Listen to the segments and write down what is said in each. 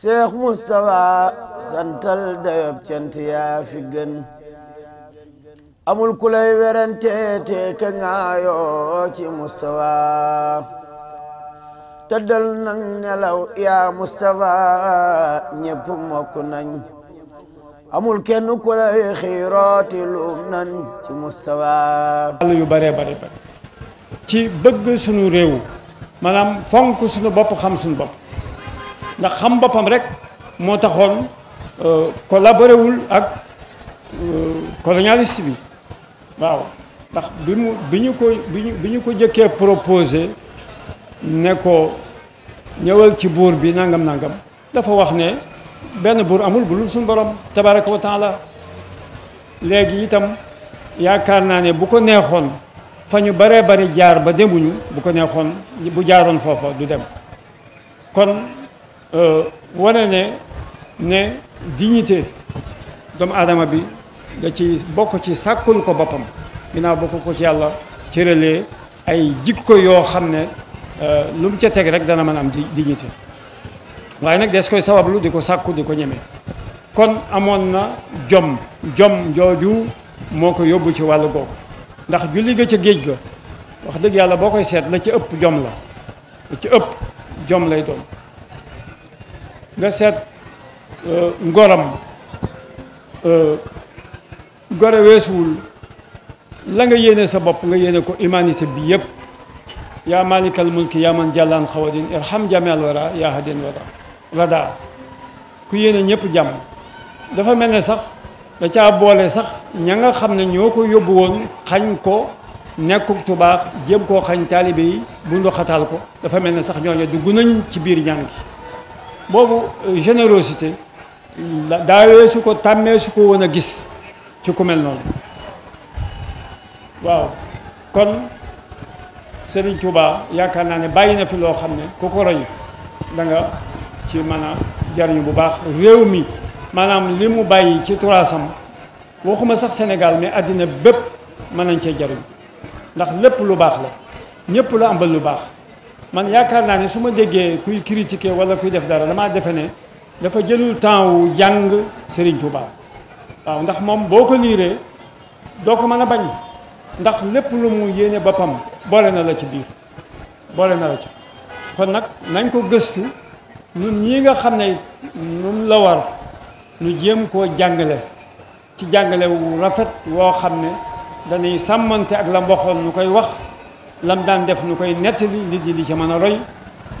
Cheikh Moustapha santal dayob cant yaa fi gën amul ku lay werante te ka ngaayoo ci Moustapha tëddal nang nelaw yaa Moustapha ñépp mokk nañ amul kenn ku lay xiirooti luum nan ci Moustapha yu bare bare bare ci bëgg sunu réew maanaam fonk sunu bopp xam sunu bopp ndax xam boppam rek moo taxoon euh, collaboré wul ak euh, colonialiste bi waaw ndax bi mu bi ñu ko bi ñu ko jëkkee proposé ne ko ñëwal ci buur bi nangam nangam dafa wax ne benn buur amul bu lul suñu borom tabaraka wa taala léegi itam yaakaar naa ne bu ko neexoon fa ñu baree bari jaar ba demuñu bu ko neexoon bu jaaroon foofa du dem kon wonane ne dignité dom adama bi da ci bokk ci sakul ko bopam ginaaw bokk ko ci yalla cëralee ay jikko yo xamne ne lu mu ca rek dana man am dignité way nak des koy sababu diko sakku diko di ñeme kon amon na jom jom joju moko yobbu ci walu gog ndax julli ga ci geej ga wax deug yalla bokoy set la ci ëpp jom la la ci ëpp jom lay doon nga seet euh, ngoram euh, goro weesuwul la nga yéene sa bopp nga yéene ko imaanité bi yëpp yaa malikal mulki yaa man jàllaan xawadin irham jamel wara yaa hadin wara rada ku yéene ñëpp jàmm dafa mel ne sax dacaa boole sax ña nga xam ne ñoo ko yóbbu woon xañ ko nekkuk tubaax jëm koo xañ taalibe yi bundu xataal ko dafa mel ne sax ñooñu dugg nañ ci biir ñaan gi boobu euh, générosité daawee su ko tàmmee su ko woon a gis ci ku mel noonu waaw kon Serigne Touba yaakaar naa ne bàyyi na fi loo xam ne ku ko roy da nga ci mën a jariñu bu baax réew mi maanaam li mu bàyyi ci turaasam waxuma sax Sénégal mais àddina bépp mën nañ cee jariñ ndax lépp lu baax la ñëpp lu ambal lu baax man yaakaar naa ne su ma déggee kuy critiquer wala kuy def dara damaa defe ne dafa jëlul temps wu jàng Serigne Touba waaw ndax moom boo ko liiree doo ko mën a bañ ndax lépp lu mu yéene boppam boole na la ci biir boole na la ci kon nag nañ ko gëstu ñun ñii nga xam ne ñun la war ñu jéem koo jàngale ci jàngale wu rafet woo xam ne dañuy sàmmante ak la mboxoon ñu koy wax lam daan def nu koy nettali nit ñi di ci mëna roy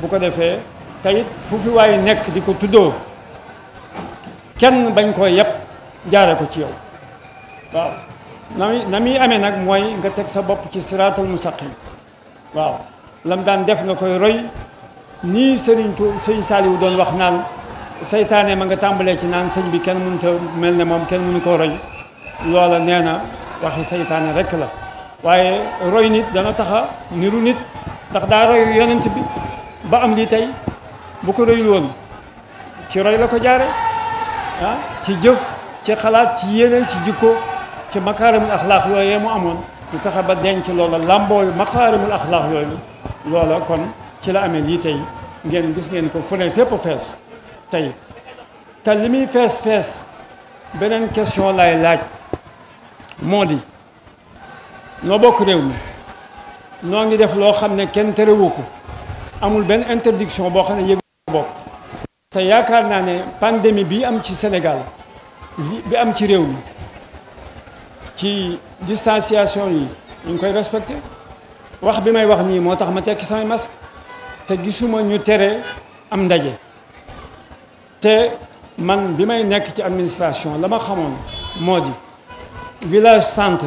bu ko defé tayit fu fi way nekk diko tuddo kenn bañ ko yeb jaare ko ci yow waaw nami nami amé nak moy nga tek sa bop ci siratul mustaqim waaw lam daan def nga koy roy ni serigne tu serigne Saaliwu doon wax naan seytaane ma nga tambalé ci naan serigne bi kenn mënta melne mom kenn mënu ko roy loola neena waxi seytaane rek la waye roy nit dana taxa niru nit ndax da roy yonent bi ba am li tay bu ko roy won ci roy la ko jare ha ci jëf ci xalaat ci yene ci jikko ci makaarimul axlaax yooyee mu amoon ñu fexe ba denc yu làmbooyu makaarimul axlaax yooyu loola kon ci la amee lii tay ngeen gis ngeen ko fune fépp fess tay ta limi fess fess benen question lay laaj modi noo bokk réew mi noo ngi def loo xam ne kenn terewu ko amul benn interdiction boo xam ne yëgu bopp te yaakaar naa ne pandémie bi am ci Sénégal bi am ci réew mi ci distanciation yi ñu ngi koy respecté wax bi may wax nii moo tax ma tekki samay masque te gisuma ñu tere am ndaje te man bi may nekk ci administration la ma xamoon moo di village centre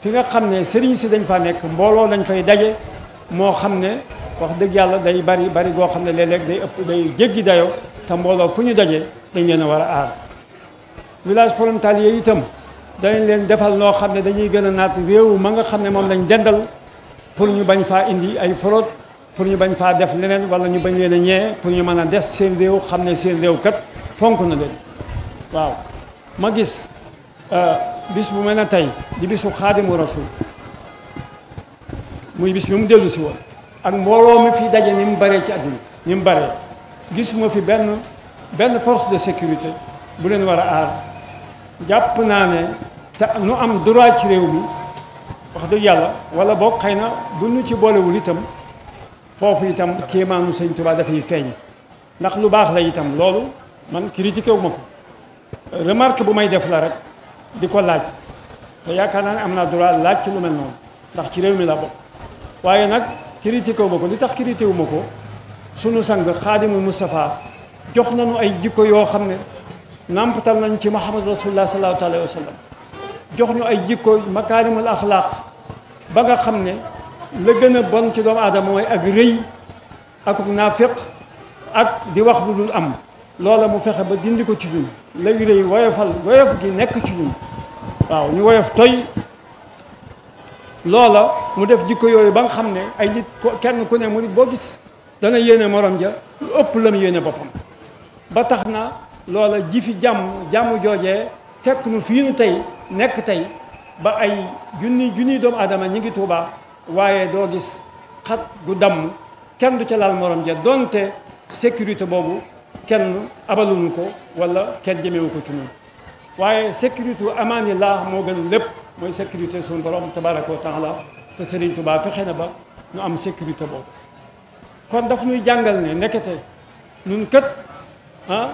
fi nga xam ne sëriñ si dañ faa nekk mbooloo lañ fay daje moo xam ne wax dëgg yàlla day bari bari goo xam ne léeg-léeg day ëpp day jéggi dayoo te mbooloo fu ñu daje dañ leen a war a aar village frontalier itam dañ leen defal noo xam ne dañuy gën a naat réew ma nga xam ne moom lañ dendal pour ñu bañ faa indi ay fraude pour ñu bañ faa def leneen walla ñu bañ leen a ñee pour ñu mën a des seen réew xam ne seen réew kat fonk na leen waaw ma gis bis bu mel ne tey di bisu xaadimu rasul muy bis bi mu dellu si woon ak mbooloo mi fi daje ni mu baree ci àddina ni mu baree gisuma fi benn benn force de sécurité bu leen war a aar jàpp naa ne te nu am droit ci réew mi wax dëgg yàlla wala boog xëy na bu nu ci boolewul itam foofu itam kéemaanu sëñ Tuubaa dafay feeñ ndax lu baax la itam loolu man critiqué wu ma ko remarque bu may def la rek diko laaj te yaakaar naa ne am naa droit laaj ci lu mel noonu ndax ci réew mi la bokk waaye nag critiqué wu ma ko li tax critiqué wu ma ko sunu sang xaadimul Moustapha jox nañu ay jikko yoo xam ne nàmpatal nañ ci Muhammad rasulullah sallallahu alayhi wa sallam jox ñu ay jikko makaarimul axlaaq ba nga xam ne la gën a bon ci doomu aadama mooy ak rëy ak naaféq ak di wax lu dul am loola mu fexe ba dindi ko ci ñun léegi rëy woyofal woyof gi nekk ci ñun waaw ñu woyof toy loola mu def jikko yooyu ba nga xam ne ay nit kenn ku ne mu nit boo gis dana yéene morom ja lu ëpp la mu yéene boppam ba tax na loola ji fi jàmm jàmm joojee fekk nu fii nu tey nekk tey ba ay junni junni doomu aadama ñi ngi tuubaa waaye doo gis xat gu damm kenn du ca laal morom ja donte sécurité boobu kenn abaluñu ko wala kenn jëmewu ko ci ñun waaye sécurité amaanillah moo gën lépp mooy sécurité suñu borom tabaraka wa taala te Serigne Touba fexe na ba ñu am sécurité boobu kon daf ñuy jàngal ne nekkete ñun kët ah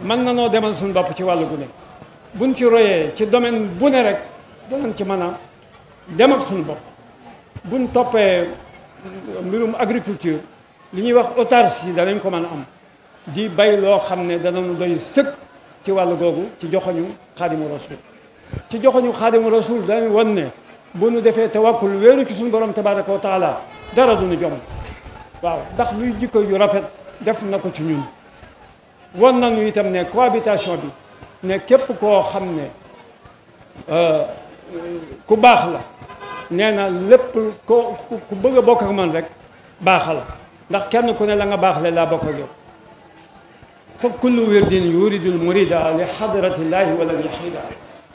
mën na noo demal suñu bopp ci wàllu gu ne buñ ci royee ci domaine bu ne rek danañ ci mën a dem ak suñu bopp buñ toppee mbirum agriculture li ñuy wax autarcie danañ ko mën a am di bay loo xam ne danañu doy sëkk ci wàll googu ci joxoñu xaadimu rasul ci joxoñu xaadimu rasul dañu wan ne bu nu defee te tawakkul weeru ci suñu borom tabaraka wa taala dara du ñu jom waaw ndax luy jikko yu rafet def na ko ci ñun wan nañu itam ne cohabitation bi ne képp koo xam ne euh, ku baax la nee na lépp ko ku bëgg a bokk ak man rek baaxal ndax kenn ku ne la nga baax baaxle laa bokk ak yow فكل ورد يورد المريد لحضرة الله ولم يحيد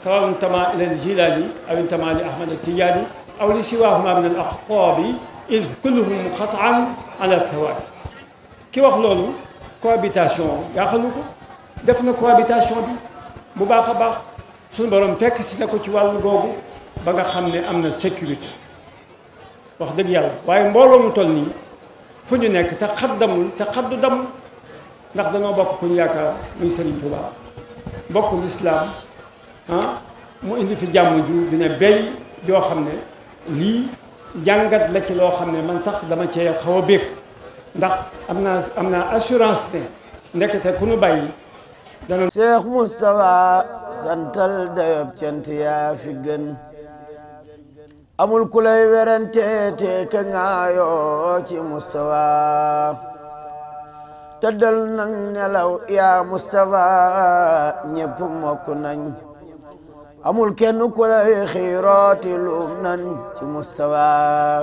سواء انتمى إلى الجلالي أو انتمى لأحمد التجاري أو لسواهما من الأقطاب إذ كلهم مقطعا على الثواب كي وخلونه كوابيتاسيون يا خلوكو دفنا كوابيتاسيون بي مباخ باخ سن بروم فك سي نكو تي والو غوغو باغا خامني امنا سيكوريتي واخ دك يالا واي مبولو مو تولني فنيو نيك تقدم تقددم ndax dañoo bokk ku ñu yaakaar muy Serigne Touba bokk l'islam ah mu indi fi jàmm ju dina béy joo xam ne lii jàngat la ci loo xam ne man sax dama cee xaw a béeg ndax am naa am naa assurance ne ndekete ku nu bàyyi dana Cheikh Moustapha santal dayob cant yaa fi gën amul ku lay werante te ka ngaayoo ci Moustapha tëddal nañ nelaw yaa Moustapha ñëpp mokk nañ amul kenn ku lay xiirooti luum nañ ci Moustapha